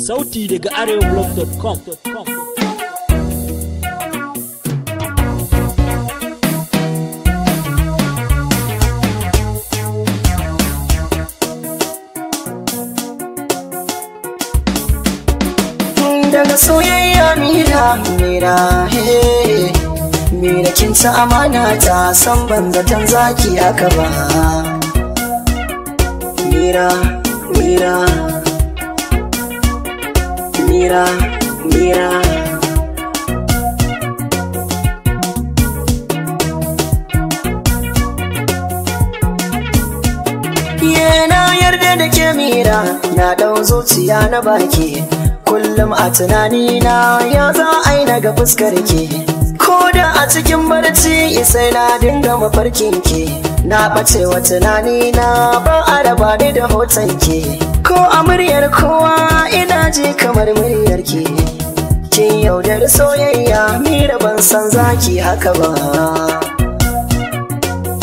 sauti daga arewablog.com daga soyayya mira mira he mira kin ta amana ta san banzatan zaki aka ba mira mira mira, mira. Yana yarda da ke mira, na ɗau zuciya na baki, kullum a tunanina ya za a yi daga fuskar ke. Ko da a cikin barci sai na dinga mafarkin ke, na ɓace tunanina ba a raba ni da hoton ke. a muryar kowa ina ji kamar muryar ki kin yaudar soyayya mira ban san zaki haka ba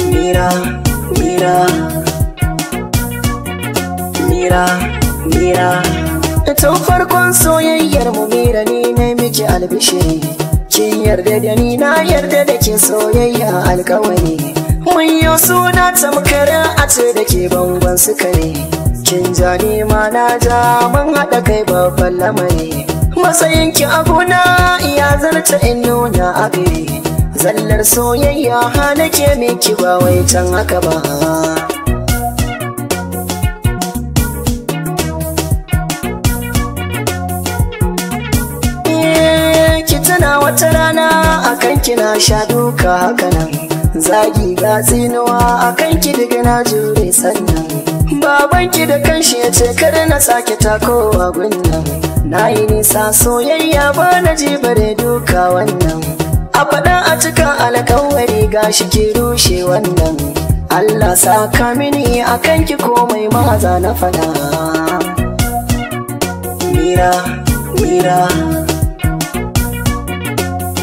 mira mira mira mira tun farkon soyayyar mu mira ni na miki albishe kin yarda da ni na yarda da ke soyayya alkawari mun yi suna tamkara a ce da ke bangon suka ne kin ja ma na ja mun haɗa kai babban lamari matsayin ki abuna ya zarta in nuna abi zallar soyayya hanake miki ba wai can haka ba eh, tana wata rana akan kina sha duka hakanan zagi ga akanki a na jure sannan babanki da kanshi ya ce kada na sake takowa gunnan na yi nisa soyayya ba na ji bare duka wannan a faɗa a cikin alkawari gashi ki rushe wannan Allah saka mini a ki komai maza na faɗa mira mira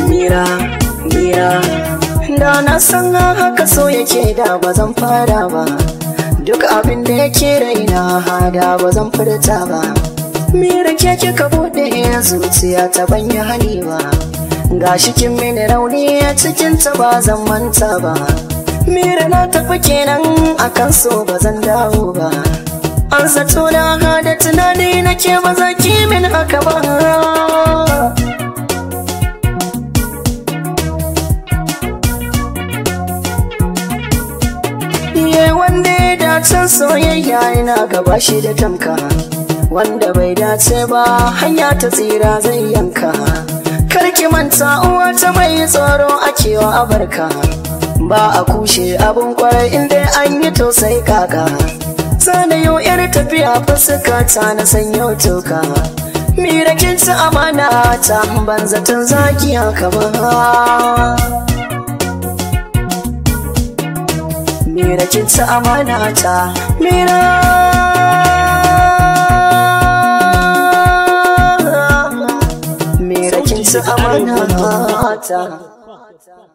mira mira da na san haka so yake da ba zan fara ba duk abin da yake raina hada ba zan furta ba mira ke kika bude zuciya ta banya hali ba Gashi kin mini rauni cikin ta ba zan manta ba mira na tafi kenan akan so ba zan dawo ba an zato na hada tunani nake ba za ki min haka ba san soyayya ina gaba shi da tamka wanda bai dace ba hanya ta tsira zai yanka Kar ki manta uwa ta mai tsoro akewa abarka ba a kushe abun kwarai dai an yi to sai kaka sanayo yar tafiya fuska ta na sanyo toka mirakin amana ta banzatan zaki haka ba mira kin ci amana ta mira mira kin ci amana ta